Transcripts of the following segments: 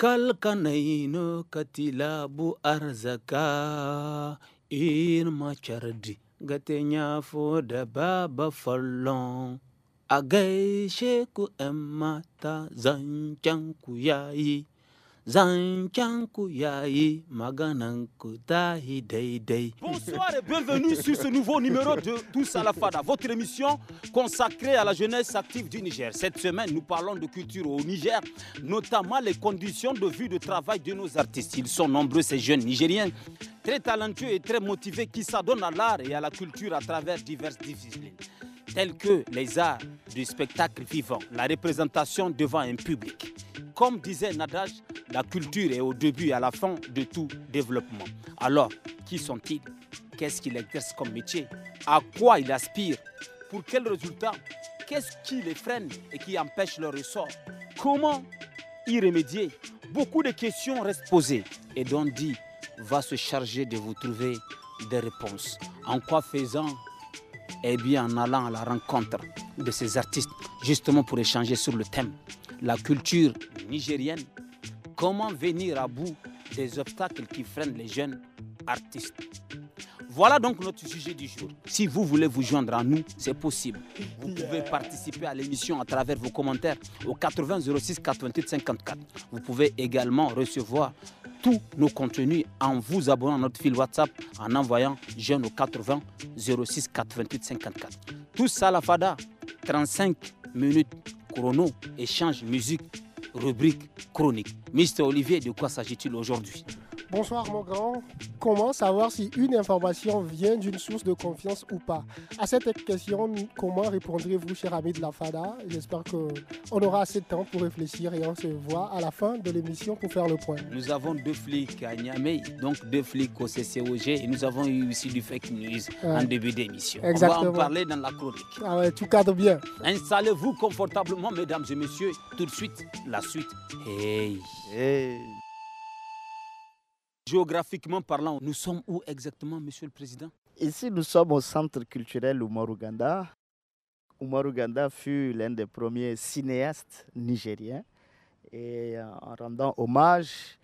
kalkanayno katilabu arzaka irma cardi gate nyafo da baba fallon a gaishe ku 'yan mata zancen ku yayi Bonsoir et bienvenue sur ce nouveau numéro de Tous à la Fada, votre émission consacrée à la jeunesse active du Niger. Cette semaine, nous parlons de culture au Niger, notamment les conditions de vie de travail de nos artistes. Ils sont nombreux, ces jeunes Nigériens, très talentueux et très motivés qui s'adonnent à l'art et à la culture à travers diverses disciplines tels que les arts du spectacle vivant, la représentation devant un public. Comme disait Nadage, la culture est au début et à la fin de tout développement. Alors, qui sont-ils Qu'est-ce qu'ils exercent comme métier À quoi ils aspirent Pour quels résultats Qu'est-ce qui les freine et qui empêche leur ressort Comment y remédier Beaucoup de questions restent posées et Dondi va se charger de vous trouver des réponses. En quoi faisant eh bien, en allant à la rencontre de ces artistes, justement pour échanger sur le thème, la culture nigérienne, comment venir à bout des obstacles qui freinent les jeunes artistes. Voilà donc notre sujet du jour. Si vous voulez vous joindre à nous, c'est possible. Vous pouvez participer à l'émission à travers vos commentaires au 80 06 88 54. Vous pouvez également recevoir tous nos contenus en vous abonnant à notre fil WhatsApp en envoyant jeune au 80 06 88 54. Tout ça, la FADA, 35 minutes chrono, échange, musique, rubrique, chronique. Mister Olivier, de quoi s'agit-il aujourd'hui Bonsoir mon grand. Comment savoir si une information vient d'une source de confiance ou pas À cette question, comment répondrez-vous, cher ami de la FADA J'espère qu'on aura assez de temps pour réfléchir et on se voit à la fin de l'émission pour faire le point. Nous avons deux flics à Niamey, donc deux flics au CCOG et nous avons eu aussi du fake news en début d'émission. On va en parler dans la chronique. Ah ouais, tout cadre bien. Installez-vous confortablement, mesdames et messieurs. Tout de suite, la suite. Hey eh. Géographiquement parlant, nous sommes où exactement, Monsieur le Président Ici, nous sommes au Centre culturel Oumar Ouganda. fut l'un des premiers cinéastes nigériens. Et euh, en rendant hommage,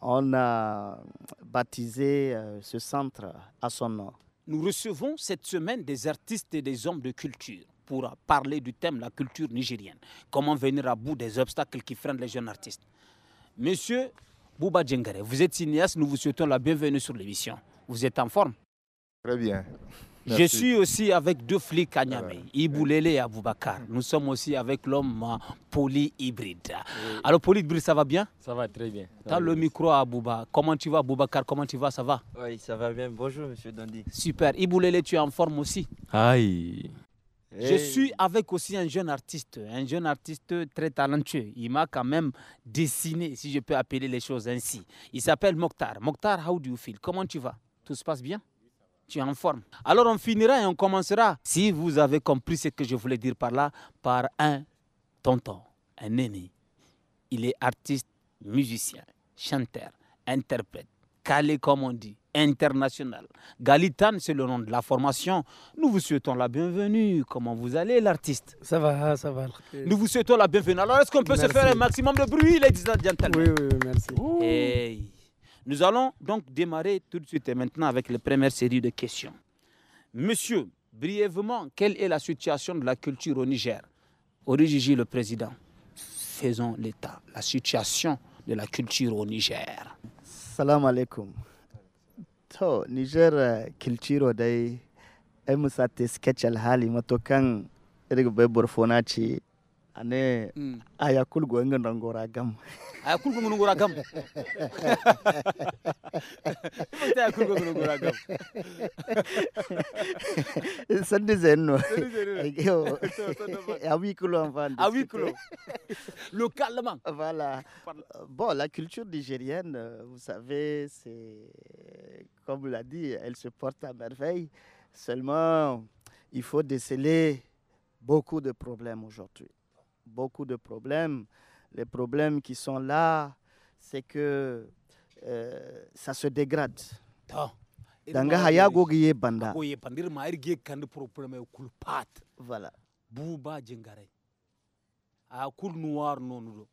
on a baptisé euh, ce centre à son nom. Nous recevons cette semaine des artistes et des hommes de culture pour parler du thème de la culture nigérienne. Comment venir à bout des obstacles qui freinent les jeunes artistes Monsieur Bouba Djengare, vous êtes cinéaste, nous vous souhaitons la bienvenue sur l'émission. Vous êtes en forme Très bien. Je suis aussi avec deux flics à Niamey, Iboulele et Aboubakar. Nous sommes aussi avec l'homme polyhybride. Alors, polyhybride, ça va bien Ça va très bien. T'as le micro à Bouba. Comment tu vas, Boubakar? Comment tu vas Ça va Oui, ça va bien. Bonjour, monsieur Dondi. Super. Iboulele, tu es en forme aussi Aïe. Je eh. suis avec aussi un jeune artiste, un jeune artiste très talentueux. Il m'a quand même dessiné, si je peux appeler les choses ainsi. Il s'appelle Mokhtar. Mokhtar, how do you feel Comment tu vas Tout se passe bien tu es en forme. Alors on finira et on commencera, si vous avez compris ce que je voulais dire par là, par un tonton, un aîné. Il est artiste, musicien, chanteur, interprète, calé comme on dit international. Galitan, c'est le nom de la formation. Nous vous souhaitons la bienvenue. Comment vous allez, l'artiste Ça va, ça va. Nous vous souhaitons la bienvenue. Alors, est-ce qu'on peut se faire un maximum de bruit, les and Oui, oui, merci. Nous allons donc démarrer tout de suite et maintenant avec la première série de questions. Monsieur, brièvement, quelle est la situation de la culture au Niger Origi, le président. Faisons l'état, la situation de la culture au Niger. Salam alaikum. To, Niger kilciro dai, ai musate sketch alhali matokan irga bai burfona ce ane hmm. ayakul gam voilà bon la culture nigérienne vous savez c'est comme l'a dit elle se porte à merveille seulement il faut déceler beaucoup de problèmes aujourd'hui beaucoup de problèmes. Les problèmes qui sont là, c'est que euh, ça se dégrade. Danga haya gogiye banda. Gogiye bandir ma irge kandi problème kulpat. Voilà. Bouba jengare. A ah, kul noir non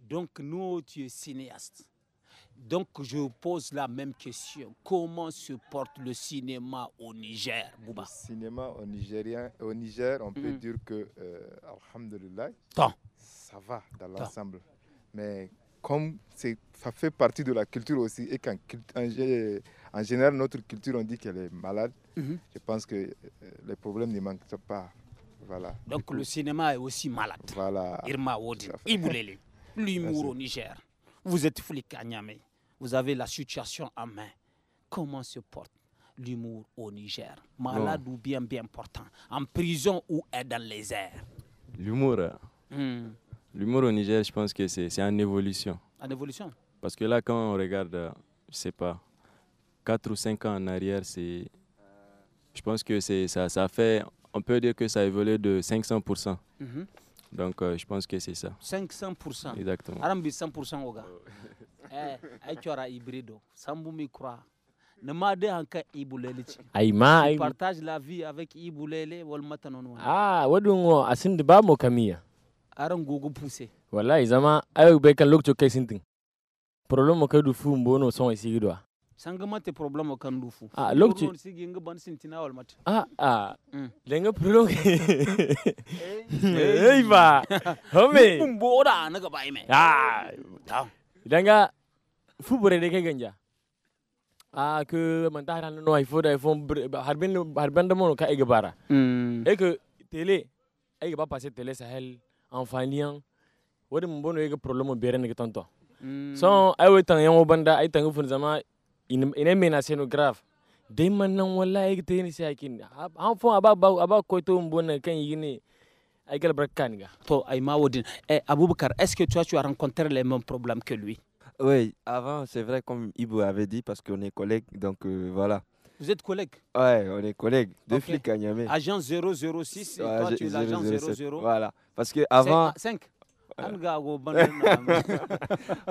Donc nous tu es cinéaste. Donc je pose la même question. Comment se porte le cinéma au Niger, Bouba Le cinéma au, Nigérien, au Niger, on peut mm-hmm. dire que, euh, ça va dans l'ensemble. Mais comme ça fait partie de la culture aussi, et qu'en général, notre culture, on dit qu'elle est malade, mm-hmm. je pense que euh, les problèmes ne manquent pas. Voilà. Donc le cinéma est aussi malade. Voilà. Irma Wodi, Ibulele, l'humour au Niger. Vous êtes flic à Niamey. Vous avez la situation en main. Comment se porte l'humour au Niger Malade ou bien bien portant En prison ou est dans les airs L'humour. Hein. Hmm. L'humour au Niger, je pense que c'est en évolution. En évolution Parce que là, quand on regarde, je sais pas, 4 ou 5 ans en arrière, c'est. Je pense que ça, ça fait. On peut dire que ça a évolué de 500%. Donc, euh, je pense que c'est ça. 500%. Exactement. Arambi 100% au gars. Eh, tu auras hybrido. Samboumi croit. Namade anka ibulele ci. Aima, aima. Partage la vie avec ibulele wal matanon. Ah, wadungo asin de ba mo kamiya. Aran gogo poussé. Wallahi zama ayo be look to kai sintin. Problème ko du fu mbono son isigidwa. sanga mate problème kan du fu ah lokti non sigi nga ban sintina wal mat ah ah le nga pro eh ba home bum bora na ga bai me ah ta ya. idan fu bure de ganja ah ke man ta ran no ifo da ifo harbin harbin da mon ka e gabara mm. eh ke tele ay ga ba passer tele sahel en falian wodi mon bono e ga problème bere ne ga tonto mm. so ay wetan yango banda ay tangu fun zama ina mena seno grave de manan te ni yin sakin an fon aba aba ko to mbona kan yini ay gal to ay mawodin est-ce que toi tu as rencontré les mêmes problèmes que lui oui avant c'est vrai comme Ibo avait dit parce qu'on est collègues donc euh, voilà vous êtes collègues Ouais, on est collègues. Deux flics à Niamey. Agent 006 et ouais, toi tu es l'agent 00. Voilà. Parce que avant. 5. Euh.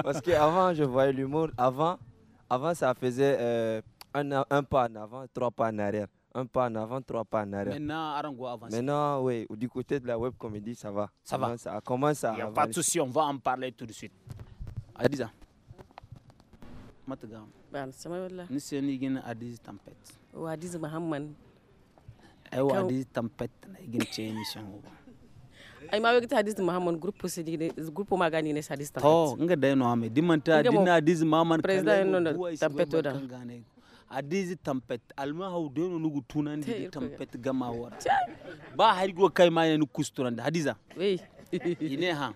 Parce que avant je voyais l'humour. Avant, avant, ça faisait euh, un, un, pas en avant, trois pas en arrière. Un pas en avant, trois pas en arrière. Maintenant, Arango Maintenant, oui, du côté de la web comédie, ça va. Ça va. Ça commence à Il n'y a pas de souci, on va en parler tout de suite. Adiza. Matagam. ben c'est moi là. ni gina Adiz Tempête. Ou Adiz Mahamman. Eh, ou Adiz Tempête, na igin chenye shango. aimavekuti hadizi mahamon grupu makanine sadisto ngadai nohame dimanta adina adizi mahamanpetoda adizi tampet alma haudeno nugu tunandi tampet gamawara ba harigo kai mane nu kusturande hadiza ine ha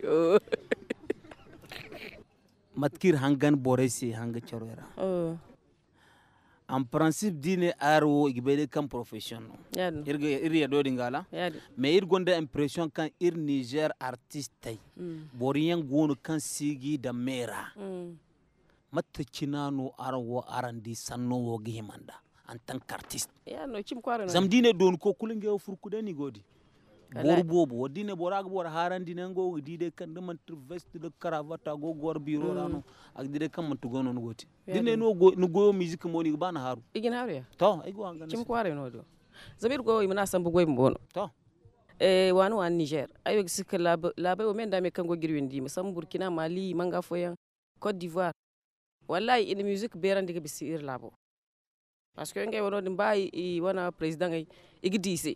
matkir hangan boresi hanga charoera oh. en principe dine aro igibede kan profession no iri yedo dingala mais ir gonda impression kan ir niger artiste mm. boriyan gono kan sigi da mera mm. matta cinano arawo arandi sanno wo gihimanda en tant qu'artiste yeah, no, zam dine don ko kulinge furkude ni godi bor bobo dine borag bor haran dine ngo dide kan de man vest de cravata go gor biro mm. rano ak dide kan man tugono no goti dine no go no go music moni ban haru igin haru ya to ay go angana chim kware no do zabir go imna bugo go bono to e wan wan niger ayo sika labai o men dame kan go girwindi sam burkina mali manga foyan cote d'ivoire wallahi in music beran diga bisir labo parce que ngay wono dimba i wana president ngay igi dise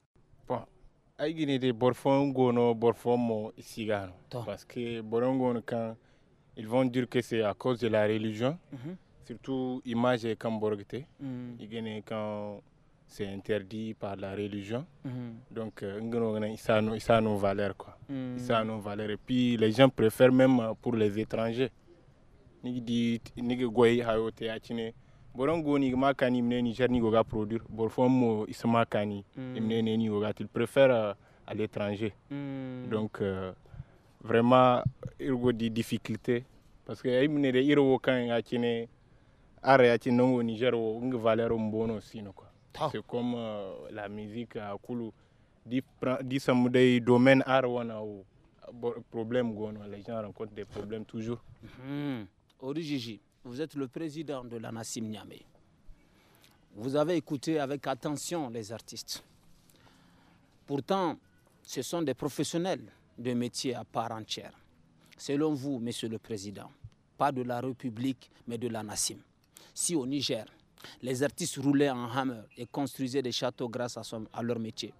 aigini de borfon gono borfon mo sigano parce que borongon quand ils vont dire que c'est à cause de la religion mm -hmm. surtout image et camborgte mhm. igene quand c'est interdit par la religion mhm. donc euh, ngono ont isano nos, valeur valeurs quoi isano mhm. valeur et puis les gens préfèrent même pour les étrangers ni dit ni goy hayote achine boron ma igma kani mne niger ni goga produire bor fom isma kani mne ne ni goga il préfère euh, à l'étranger hmm. donc euh, vraiment irgo di difficulté parce que ay mne de iro kan ga kine are ya kine ngo niger ou ngi valeur mbono sino quoi ah. c'est comme euh, la musique à kulu di di samudai domaine art wana wo problème gono les gens rencontrent des problèmes toujours mm vous êtes le président de la Nassim Niamey. Vous avez écouté avec attention les artistes. Pourtant, ce sont des professionnels de métier à part entière. Selon vous, Monsieur le Président, pas de la République, mais de la Nassim. Si au Niger, les artistes roulaient en hammer et construisaient des châteaux grâce à leur métier,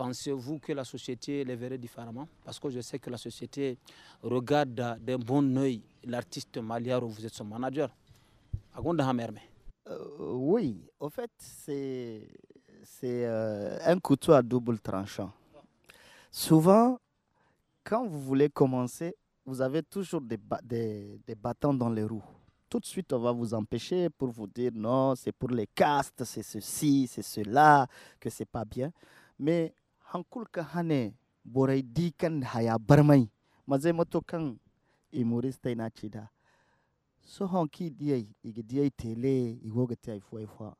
Pensez-vous que la société les verrait différemment Parce que je sais que la société regarde d'un bon oeil l'artiste Maliar où vous êtes son manager. Euh, euh, oui, au fait, c'est c'est euh, un couteau à double tranchant. Souvent, quand vous voulez commencer, vous avez toujours des, des, des bâtons dans les roues tout de suite, on va vous empêcher pour vous dire non, c'est pour les castes, c'est ceci, c'est cela, que c'est pas bien. Mais hankulka hane borai dikan haya barmai mazai matokan imuristai na cida so honki diyai igi diyai tele igoga ta ifo ifo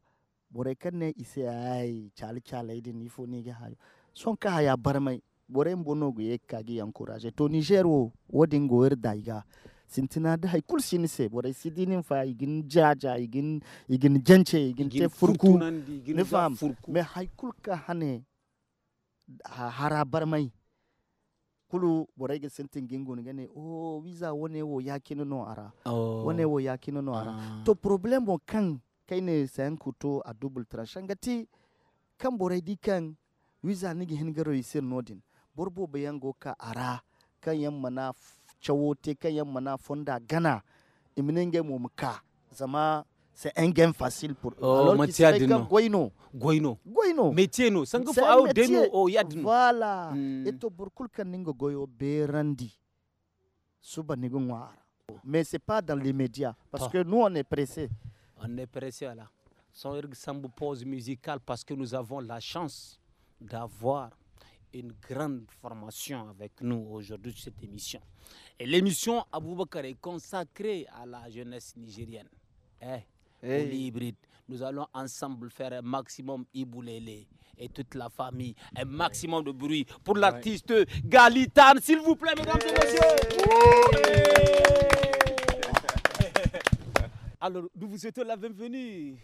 borai kan ne ise ai chali chala idin ifo ni ga hayo son ka haya barmai borai mbono go ye kagi encourage to niger wo wodin go er daiga sintina da hay kul sini se borai sidinin fa igin jaja igin igin jance igin te furku ne fam me hay kul ka hane harabar mai kulu borege sentin gingun gane o oh, visa wone wo yakino no ara oh. wone wo yakino no ara ah. to problem bo kan kai ne sayan kuto a double tranche gati kan borai di kan visa nigi hin garo yisir nodin borbo bayan go ka ara kan yan mana chawote kan yan mana fonda gana iminen ge mu muka zama c'est un gain facile pour eux. Oh, Alors qu'ils seraient comme Goyno. Goyno. Goyno. Métier no. Sango fo au deno o yadno. Voilà. Mm. Et to burkul kaningo goyo berandi. Suba nigo ngwara. Mais c'est pas dans l'immédiat parce que nous on est pressé. On est pressé là. Son une pause musicale parce que nous avons la chance d'avoir une grande formation avec nous aujourd'hui sur cette émission. Et l'émission Aboubakar est consacrée à la jeunesse nigérienne. Eh, nous allons ensemble faire un maximum Iboulélé et toute la famille, un maximum de bruit pour l'artiste Galitane, Galitan, s'il vous plaît, mesdames et messieurs. Alors, nous vous souhaitons la bienvenue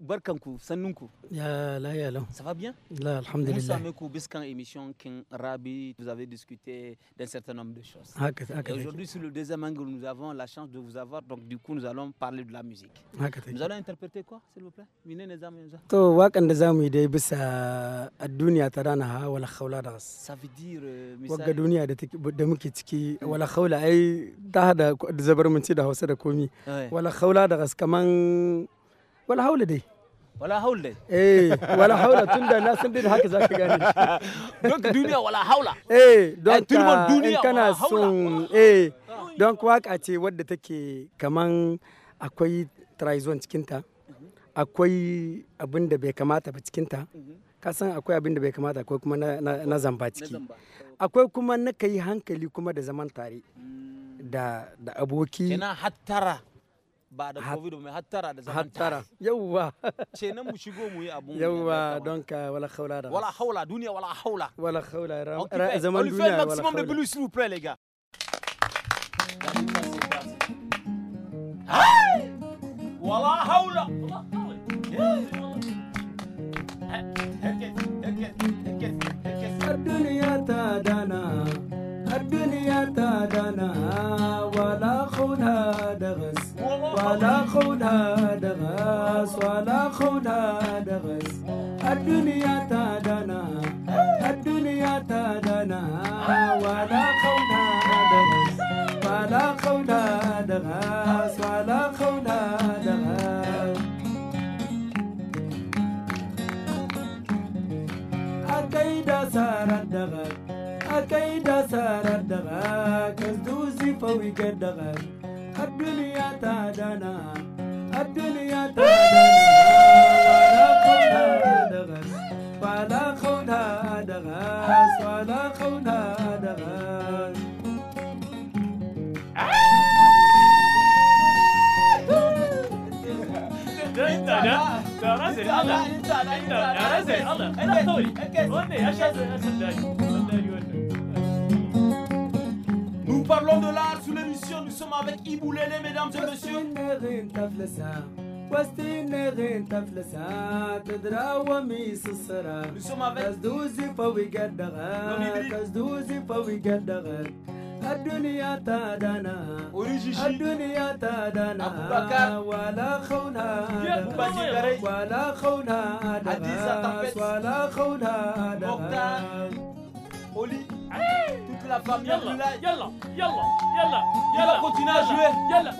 barkanku sannunku ya lahiya lau ça va bien la alhamdulillah musa meku biskan émission kin rabi vous avez discuté d'un certain nombre de choses ah, ah, aujourd'hui sur le deuxième angle nous avons la chance de vous avoir donc du coup nous allons parler de la musique nous ah, allons interpréter quoi s'il vous plaît mine ne zamu yanzu to kan da zamu dai bisa ad tarana ha wala khawla das ça veut dire euh, misali wagga duniya da da muke ciki hmm. wala khawla ai da da zabar mun ci da Hausa da komi wala khawla da kaman wala haula dai wala haula dai eh wala haula tunda na san dai haka zaka gane don duniya wala haula eh don ka in kana son eh don waka ce wadda take kaman akwai trizon cikinta akwai abin da bai kamata ba cikinta ka san akwai abin da bai kamata akwai kuma na zamba ciki akwai kuma na kai hankali kuma da zaman tare da aboki kina hattara بعد كوفيد وما هترى هترى يوا شيء نمو شو قومي أبو يوا دونك ولا خولة ولا خولة دنيا ولا خولة ولا خولة زمان دنيا ولا خولة ماكسيموم بلو سلو بري ولا خولة ولا خولة ولا خونا دغس ولا خونا دغس الدنيا تادنا الدنيا تادنا ولا خونا دغس ولا خونا دغس ولا خونا دغس أكيد سار الدغس أكيد سار الدغس كزدوزي فوق الدغس الدنيا تهدنا الدنيا تهدنا ولا خدها دغس ولا خدها دغس Nous parlons de l'art sous le avec Iboulele, mesdames et messieurs. واستنى تفلسا تدرا وميس السرا تزدوزي فوي قدغا تزدوزي فوي قدغا الدنيا الدنيا ولا خونا ولا خونا ولا خونا Oli, Toute la famille yalla, yalla, yalla, yalla, yalla. Il va à jouer. Yalla.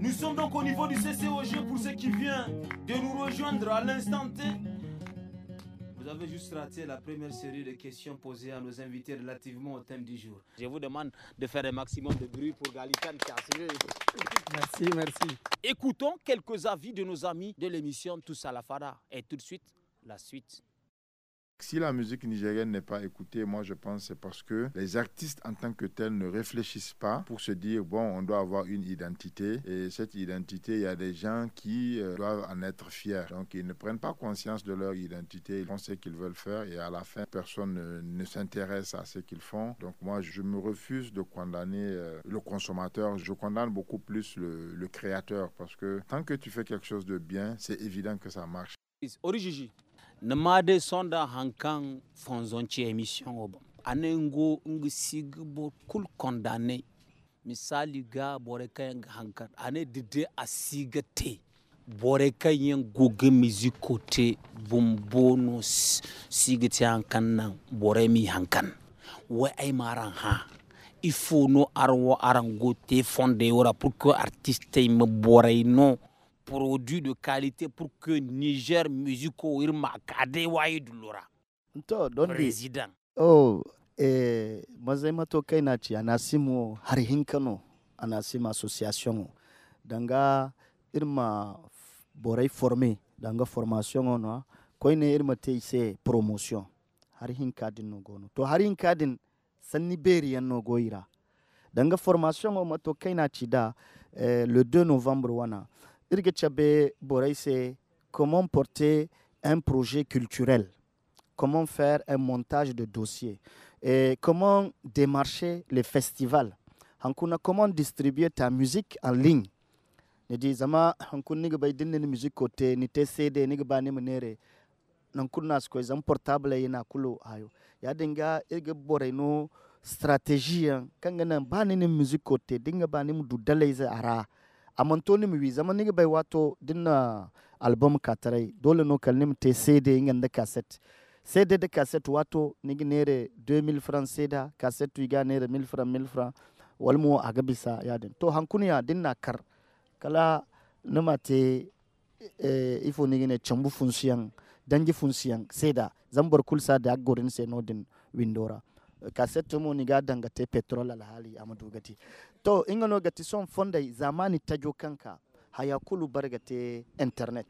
Nous sommes donc au niveau du CCOG pour ceux qui viennent de nous rejoindre à l'instant T vais juste rater la première série de questions posées à nos invités relativement au thème du jour. Je vous demande de faire un maximum de bruit pour Galicane. Merci, merci. Écoutons quelques avis de nos amis de l'émission Tous à la Fara. Et tout de suite, la suite. Si la musique nigérienne n'est pas écoutée, moi je pense c'est parce que les artistes en tant que tels ne réfléchissent pas pour se dire bon, on doit avoir une identité et cette identité, il y a des gens qui euh, doivent en être fiers. Donc ils ne prennent pas conscience de leur identité, ils font ce qu'ils veulent faire et à la fin, personne ne, s'intéresse à ce qu'ils font. Donc moi je me refuse de condamner euh, le consommateur, je condamne beaucoup plus le, créateur parce que tant que tu fais quelque chose de bien, c'est évident que ça marche. Origigi. nima de sonda hankan fonzonci emission o bam anen go ngi sigi bo kul condamné misali ga bore kayan hankan ane dide asiga te bore kayan goge musico te bombono sigi te hankan nan bore mi hankan wa a maran ha il faut no arwo arango te fonde ora pour que artiste me bore no produit de qualité pour que Niger Musico Irma Kadewa don Président. Oh, eh, mazema to kaina anasimu har hinkano anasimu association danga irma borai formé danga formation ono koine irma te promotion har hinkadin no gono to har hinkadin sanni goira danga formation o mato kaina da eh, le 2 novembre wana Irge Tchabé c'est comment porter un projet culturel Comment faire un montage de dossiers et Comment démarcher les festivals Comment distribuer ta musique en ligne ne dis zama hankun niga bai dinne ni music ko ni te cd niga ni munere nan kunna su portable yana kulo ayo ya dinga Il borai no stratégie. Hein. kan ga nan ba ni music ko te dinga ba ni mu dudale ara amantoni mi zama ni bai wato dinna album katarai dole no mi te CD ingan da cassette CD da cassette wato ne re 2000 francs CD cassette ga re 1000 francs 1000 francs walmo aga bisa yadin to hankuniya dinna kar kala ma te eh, ifo ni ne chambu funsiyan danji funsiyan CD zambar kulsa da gorin se din windora kasetu mu ni ga dangate petrol alhali amadu gati to inga no gati son fondai zamani tajo kanka haya kulu bargate internet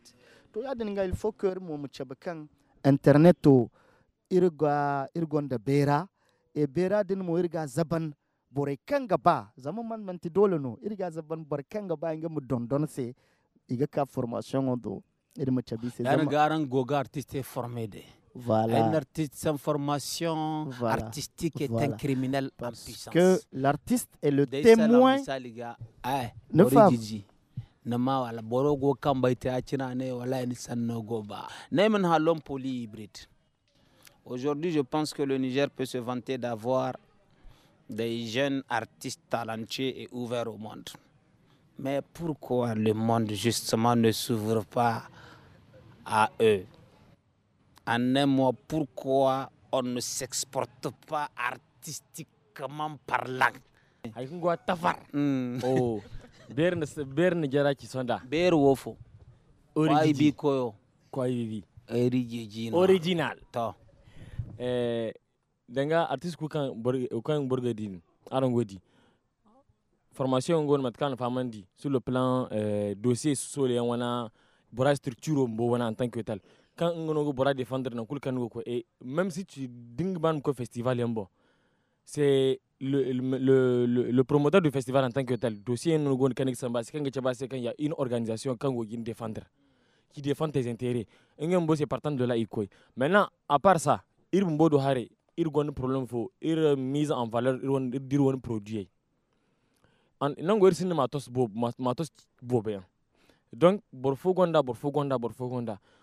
to ya dinga il faut mu mu kan internet to irga irgonda bera e bera din mu irga zaban bore kan gaba zaman man ti dole no irga zaban bar kan gaba inga mu don se iga ka formation do irma chabi se zaman garan goga artiste formé de Un artiste sans formation artistique est un criminel en puissance. que l'artiste est le témoin. Ne aujourd'hui je pense que le Niger peut se vanter d'avoir des jeunes artistes talentueux et ouverts au monde mais pourquoi le monde justement ne s'ouvre pas à eux en un mot, pourquoi on ne s'exporte pas artistiquement parlant Aïkungwa tafar. Hmm. Oh. Berne berne jara ki sonda. Ber wofo. Original. bi koyo. Kwai bi. Original. Original. To. Eh danga artist ku kan borgadin. Aron godi. Formation ngon mat kan famandi sur le plan eh, dossier sur les wana bora structure mbo wana en tant que tel quand on pourra défendre dans le Kanouko, et même si tu dingban ko festival yambo, c'est le, le, le, le, promoteur du festival en tant que tel. Dossier Ngogon Kanik Samba, c'est quand il y a une organisation qui défendre, qui défend tes intérêts. Ngambo, c'est partant de là, quoi. Maintenant, à part ça, il y a un problème, il y mise en valeur, il y a un produit. Nangoir cinéma matos bob, matos bob. Donc, borfogonda, borfogonda, borfogonda.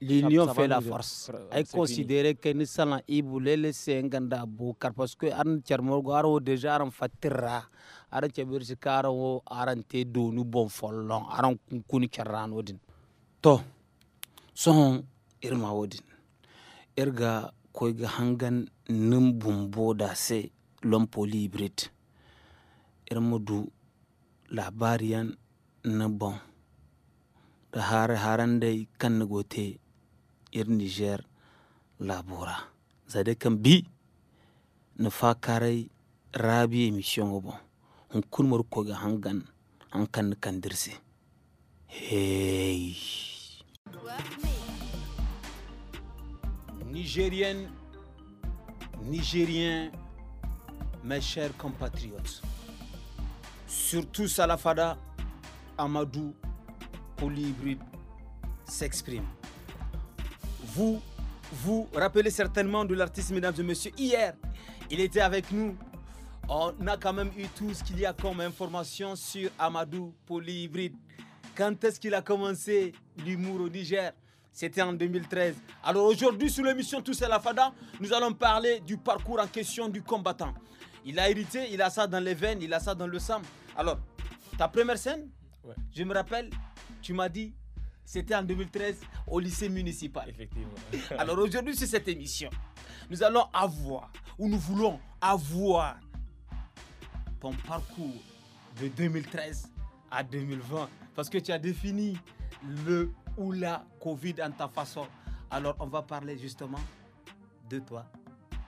l'union fait la force ay considéré que ni salan i bulele senganda bu kar parce que an charmorgo aro déjà aran fatira aran cebirsi karo aran te donu bon follon aran kunkuni charran odin to son irma wodin irga koyga hangan nim bumbo da se lompo librit irma du labariyan na bon da haren kan gote niger labora zade kan rabi emission obo hun hangan an kan dirse hey Nigérienne, Nigériens, mes chers compatriotes, surtout Salafada, Amadou, colibri s'exprime. Vous vous rappelez certainement de l'artiste, mesdames et messieurs. Hier, il était avec nous. On a quand même eu tout ce qu'il y a comme information sur Amadou Polyhybride. Quand est-ce qu'il a commencé l'humour au Niger C'était en 2013. Alors aujourd'hui, sur l'émission Toussaint à la Fada, nous allons parler du parcours en question du combattant. Il a hérité, il a ça dans les veines, il a ça dans le sang. Alors, ta première scène, je me rappelle, tu m'as dit c'était en 2013 au lycée municipal. Effectivement. Alors aujourd'hui sur cette émission, nous allons avoir, ou nous voulons avoir, ton parcours de 2013 à 2020. Parce que tu as défini le ou la Covid en ta façon. Alors on va parler justement de toi,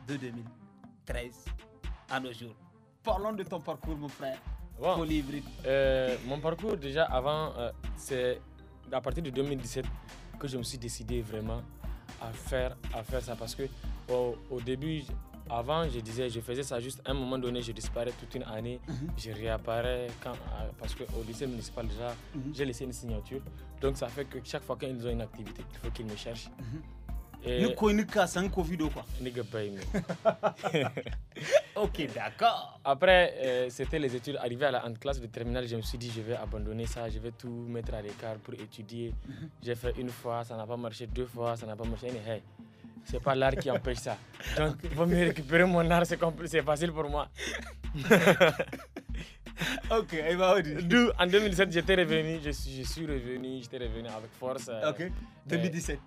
de 2013 à nos jours. Parlons de ton parcours, mon frère. Euh, mon parcours, déjà, avant, euh, c'est à partir de 2017 que je me suis décidé vraiment à faire, à faire ça parce que oh, au, début, avant, je disais, je faisais ça juste à un moment donné, je disparais toute une année, mhm. je réapparais quand, parce qu'au lycée municipal déjà, mhm. j'ai laissé une signature. Donc ça fait que chaque fois qu'ils ont une activité, il faut qu'ils me cherchent. Mhm. Nous eh, connaissons ni Covid ou quoi OK d'accord après euh, c'était les études arrivé à la classe de terminale je me suis dit je vais abandonner ça je vais tout mettre à l'écart pour étudier mhm. j'ai fait une fois ça n'a pas marché deux fois ça n'a pas marché mais hey c'est pas l'art qui empêche ça donc vaut me récupérer mon art c'est facile pour moi Ok, eh ben, en 2007, j'étais revenu, je suis, je suis revenu, j'étais revenu avec force. Euh, ok, 2017.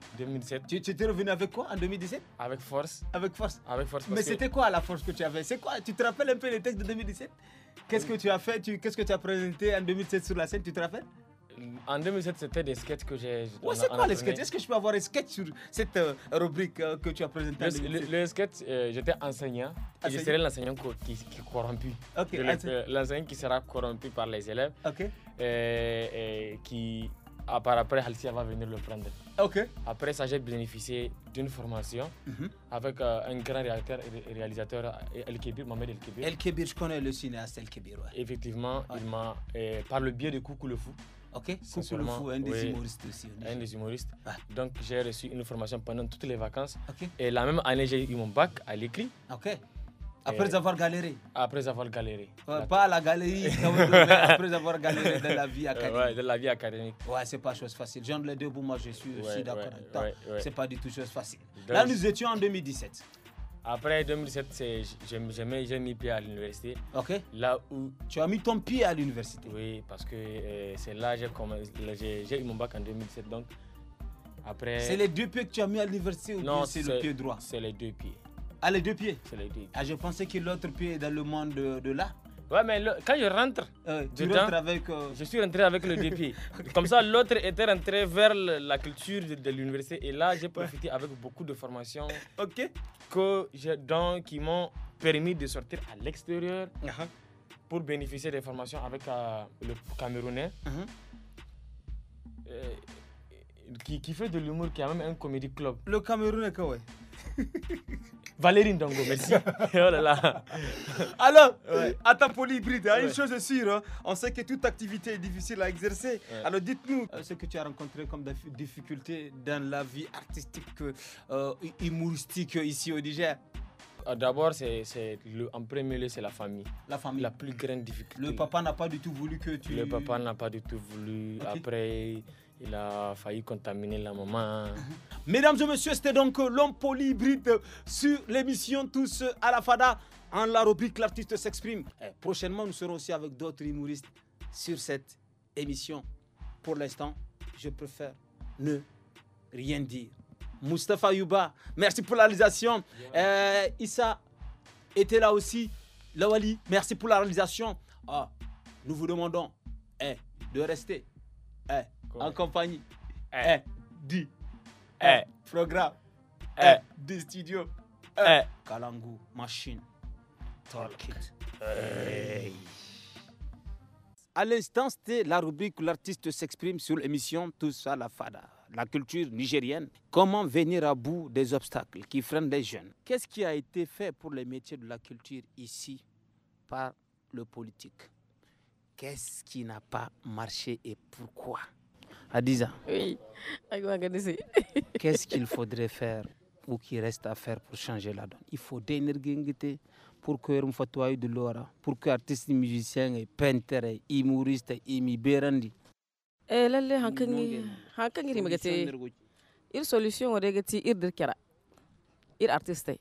Tu, tu étais revenu avec quoi en 2017 Avec force. Avec force Avec force. Mais c'était quoi la force que tu avais C'est quoi Tu te rappelles un peu les textes de 2017 Qu'est-ce que tu as fait Qu'est-ce que tu as présenté en 2007 sur la scène Tu te rappelles en 2007, c'était des skates que j'ai. Ouais, c'est quoi les sketchs Est-ce que je peux avoir un sketch sur cette euh, rubrique euh, que tu as présentée Le, le, euh, j'étais enseignant. je serai l'enseignant qui, qui, corrompu. l'enseignant qui sera corrompu par les élèves. Ok. Et, qui. À part après, Alcia va venir le prendre. Ok. Après ça, j'ai bénéficié d'une formation mhm. avec un grand réalisateur, réalisateur El Kebir, Mohamed El Kebir. El Kebir, je connais le cinéaste El Kebir, Effectivement, il m'a, par le biais de Coucou le Fou, Ok, c'est le fou, un des humoristes aussi. Un des humoristes. Ah. Donc j'ai reçu une formation pendant toutes les vacances. Et la même année, j'ai eu mon bac à l'écrit. Ok. Après avoir galéré Après avoir galéré. pas à la galerie, après avoir galéré dans la vie euh, académique. Ouais, de la vie académique. Ouais, c'est pas chose facile. Jean les deux, moi je suis, aussi d'accord avec d'accord. c'est pas du tout chose facile. Là, nous étions en 2017. Après 2007, j'ai mis pied à l'université. Ok. Là où. Tu as mis ton pied à l'université Oui, parce que euh, c'est là que j'ai eu mon bac en 2007. Donc, après. C'est les deux pieds que tu as mis à l'université ou c'est le pied droit C'est les deux pieds. Ah, les deux pieds C'est les deux Ah, je pensais que l'autre pied est dans le monde de là Ouais, mais quand je rentre, euh, euh, je suis rentré avec le dépit. Comme ça, l'autre était rentré vers la culture de, l'université. Et là, j'ai profité avec beaucoup de formations que donc, qui m'ont permis de sortir à l'extérieur uh-huh. pour bénéficier des formations avec euh, le Camerounais. Uh-huh qui, fait de l'humour, qui a même un comédie club. Le Cameroun est quoi Valérie Ndongo, merci. oh là là. Alors, à ta hein, une chose est sûre, hein. on sait que toute activité est difficile à exercer. Alors dites-nous euh, ce que tu as rencontré comme difficultés dans la vie artistique, euh, humoristique euh, ici au Niger. Euh, d'abord, c'est en premier lieu, c'est la famille. La famille. La plus grande difficulté. Le papa n'a pas du tout voulu que tu. Le papa n'a pas du tout voulu. Après, il a failli contaminer la maman. Mesdames et messieurs, c'était donc l'homme polyhybride sur l'émission Tous à la Fada. En la rubrique, l'artiste s'exprime. Eh, prochainement, nous serons aussi avec d'autres humoristes sur cette émission. Pour l'instant, je préfère ne rien dire. Mustafa Yuba, merci pour la réalisation. Eh, Issa était là aussi. Lawali, merci pour la réalisation. Ah, nous vous demandons eh, de rester en compagnie eh. eh du eh. eh. programme eh. eh du studio eh. Kalangu Machine Talk It. À l'instant, c'était la rubrique où l'artiste s'exprime sur l'émission Tout ça, la Fada, la culture nigérienne. Comment venir à bout des obstacles qui freinent les jeunes Qu'est-ce qui a été fait pour les métiers de la culture ici par le politique Qu'est-ce qui n'a pas marché et pourquoi Adiza. Oui, ah, Qu'est-ce qu'il faudrait faire ou qui reste à faire pour changer la donne Il faut d'énergie pour que nous fassions de l'aura, hein. pour que artistes, musiciens, peintres, humoristes, imiberandi. Eh, là, là, hankangi, hankangi, magati. Il solution au regati, il de kara, il artiste.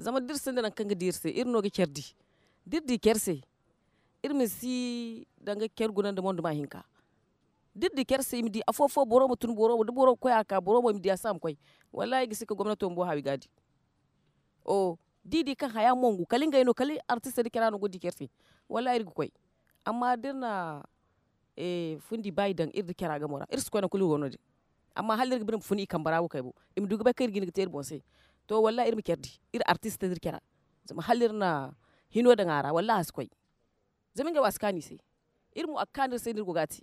Zama dir sende hankangi dirse, il nogi kerdi, dir di kerse, il me si danga kergunan de monde ma hinka duk da kyar sai midi afofo boro mutun boro da koya koy aka boro mo midi asam koy wallahi gisi ka gwamnati on bo hawi gadi o didi kan haya mongu kalinga ino kali artiste de kerano godi kerti wallahi rigu koy amma dirna e fundi baydan irdi kera ga mora irsu koy na kuli wono de amma halir gibrin funi kan barawo kai bo im dugu ba kirgin ter bonse to wallahi irmi kerdi ir artiste dir kera zama halir na hino da ngara wallahi askoy zamin ga waskani sai irmu akkanir sai dir gogati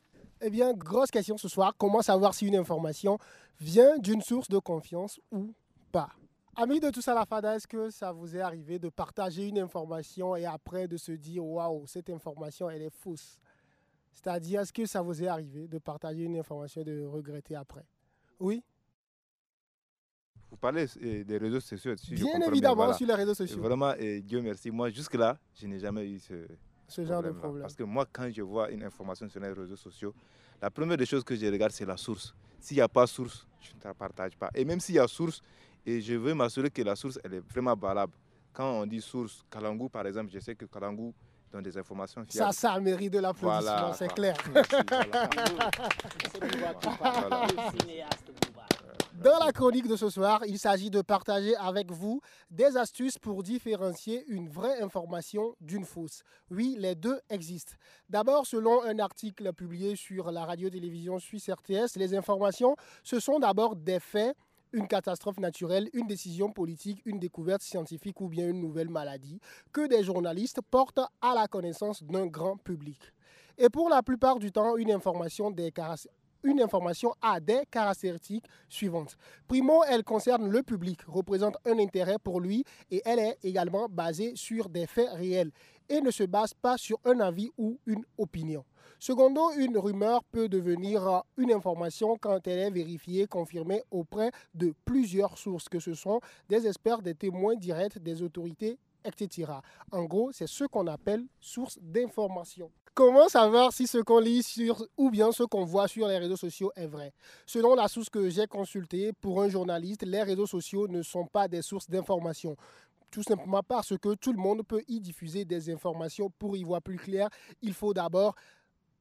Eh bien, grosse question ce soir, comment savoir si une information vient d'une source de confiance ou pas Amis de Tous à la Fada, est-ce que ça vous est arrivé de partager une information et après de se dire waouh, cette information elle est fausse C'est-à-dire, est-ce que ça vous est arrivé de partager une information et de regretter après Oui vous parlez des réseaux sociaux. bien évidemment, bien, sur les réseaux sociaux. Vraiment, et Dieu merci. Moi, jusque-là, je n'ai jamais eu ce, ce genre de problème. Parce que moi, quand je vois une information sur les réseaux sociaux, la première des choses que je regarde, c'est la source. S'il n'y a pas source, je ne la partage pas. Et même s'il y a source, et je veux m'assurer que la source, elle est vraiment valable. Quand on dit source, Kalangu, par exemple, je sais que Kalangu donne des informations fiables. Ça, ça mérite de l'applaudissement, voilà, c'est clair. Dans la chronique de ce soir, il s'agit de partager avec vous des astuces pour différencier une vraie information d'une fausse. Oui, les deux existent. D'abord, selon un article publié sur la radio-télévision suisse RTS, les informations, ce sont d'abord des faits une catastrophe naturelle, une décision politique, une découverte scientifique ou bien une nouvelle maladie que des journalistes portent à la connaissance d'un grand public. Et pour la plupart du temps, une information des, une information a des caractéristiques suivantes. Primo, elle concerne le public, représente un intérêt pour lui et elle est également basée sur des faits réels et ne se base pas sur un avis ou une opinion. Secondo, une rumeur peut devenir une information quand elle est vérifiée, confirmée auprès de plusieurs sources, que ce sont des experts, des témoins directs, des autorités, etc. En gros, c'est ce qu'on appelle source d'information. Comment savoir si ce qu'on lit sur, ou bien ce qu'on voit sur les réseaux sociaux est vrai Selon la source que j'ai consultée pour un journaliste, les réseaux sociaux ne sont pas des sources d'information tout simplement parce que tout le monde peut y diffuser des informations. Pour y voir plus clair, il faut d'abord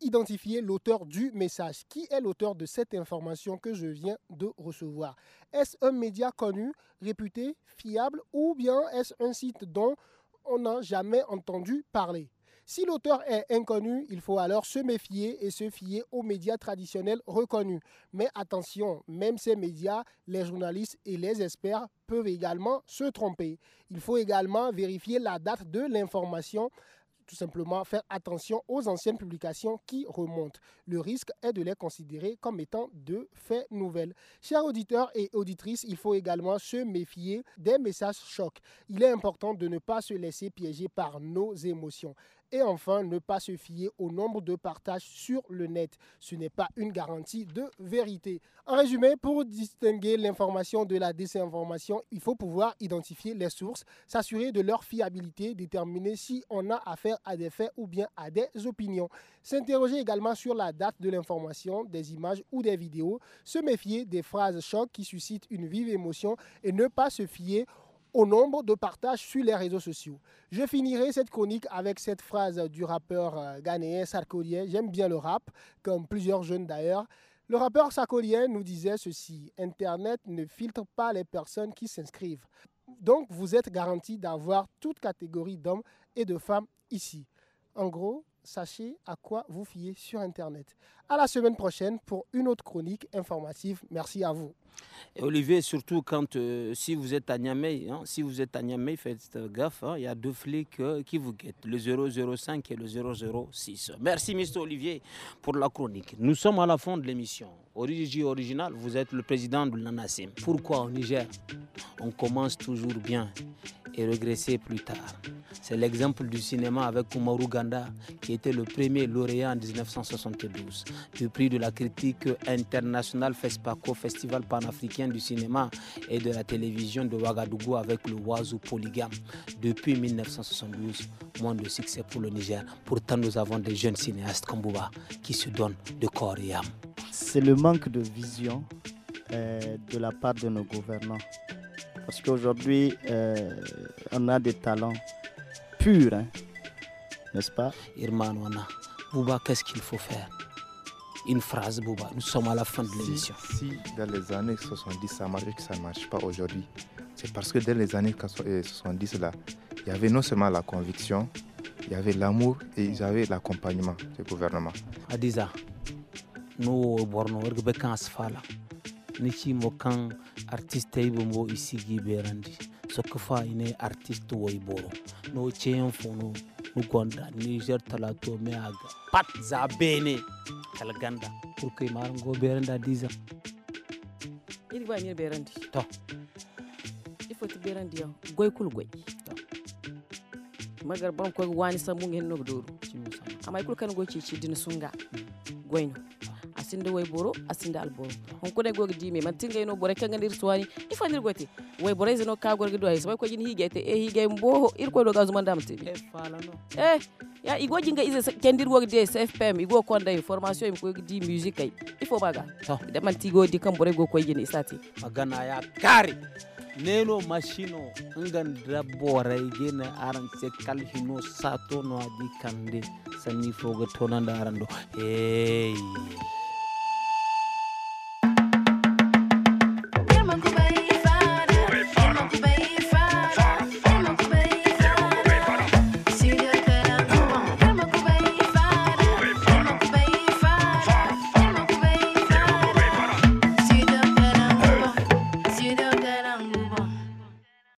identifier l'auteur du message. Qui est l'auteur de cette information que je viens de recevoir Est-ce un média connu, réputé, fiable ou bien est-ce un site dont on n'a jamais entendu parler si l'auteur est inconnu, il faut alors se méfier et se fier aux médias traditionnels reconnus. Mais attention, même ces médias, les journalistes et les experts peuvent également se tromper. Il faut également vérifier la date de l'information tout simplement faire attention aux anciennes publications qui remontent. Le risque est de les considérer comme étant de faits nouvelles. Chers auditeurs et auditrices, il faut également se méfier des messages chocs. Il est important de ne pas se laisser piéger par nos émotions. Et enfin, ne pas se fier au nombre de partages sur le net. Ce n'est pas une garantie de vérité. En résumé, pour distinguer l'information de la désinformation, il faut pouvoir identifier les sources, s'assurer de leur fiabilité, déterminer si on a affaire à des faits ou bien à des opinions. S'interroger également sur la date de l'information, des images ou des vidéos, se méfier des phrases chocs qui suscitent une vive émotion et ne pas se fier au nombre de partages sur les réseaux sociaux. Je finirai cette chronique avec cette phrase du rappeur euh, ghanéen Sarkolien. J'aime bien le rap, comme plusieurs jeunes d'ailleurs. Le rappeur Sarkolien nous disait ceci Internet ne filtre pas les personnes qui s'inscrivent. Donc vous êtes garanti d'avoir toute catégorie d'hommes et de femmes ici. En gros, sachez à quoi vous fiez sur Internet. À la semaine prochaine pour une autre chronique informative. Merci à vous. Olivier, surtout quand euh, si vous êtes à Niamey, hein, si vous êtes à Niamey, faites gaffe, hein, il y a deux flics euh, qui vous guettent, le 005 et le 006. Merci, Mr. Olivier, pour la chronique. Nous sommes à la fin de l'émission. Origi original, vous êtes le président de l'ANASIM. Pourquoi au Niger On commence toujours bien et regresser plus tard. C'est l'exemple du cinéma avec Oumaruganda, Ganda, qui était le premier lauréat en 1972 du prix de la critique internationale FESPACO, Festival par africain du cinéma et de la télévision de Ouagadougou avec le oiseau polygame depuis 1972. Moins de succès pour le Niger. Pourtant, nous avons des jeunes cinéastes comme Bouba qui se donnent de corps et âme. C'est le manque de vision euh, de la part de nos gouvernants. Parce qu'aujourd'hui, euh, on a des talents purs, hein, n'est-ce pas Irma Bouba, qu'est-ce qu'il faut faire une phrase, Nous sommes à la fin de l'émission. Si, dans les années 70, ça marche que ça ne marche pas aujourd'hui, c'est parce que dans les années 70, euh, là, il y avait non seulement la conviction, il y avait l'amour et il y avait l'accompagnement du gouvernement. Adiza, nous, Borno, nous sommes nous sommes ici, soka fa ine artiste woyboro no ceen funu nu gonda niger talato me aga pat za bene tala ganda pour que berenda 10 il va venir berendi. to il faut te berandi goy kul goy magar ko wani no kan go sunga mm. goyno asinde woyboro asinde alboro on ko ne go dimi man goti we bora izino kagwa gidu ayisa ko jini higa te e higa mboho irko do gazu mandam tibi e eh, fala no eh ya igwo jinga ize kendirgo gide SFPM igwo konda information im ko di music ay ifo baga to de man tigo di kan bora go ko jini isati magana ya kari neno mashino ngan dabora igena aran se kalhino sato no adi kande sani fogo tonanda arando hey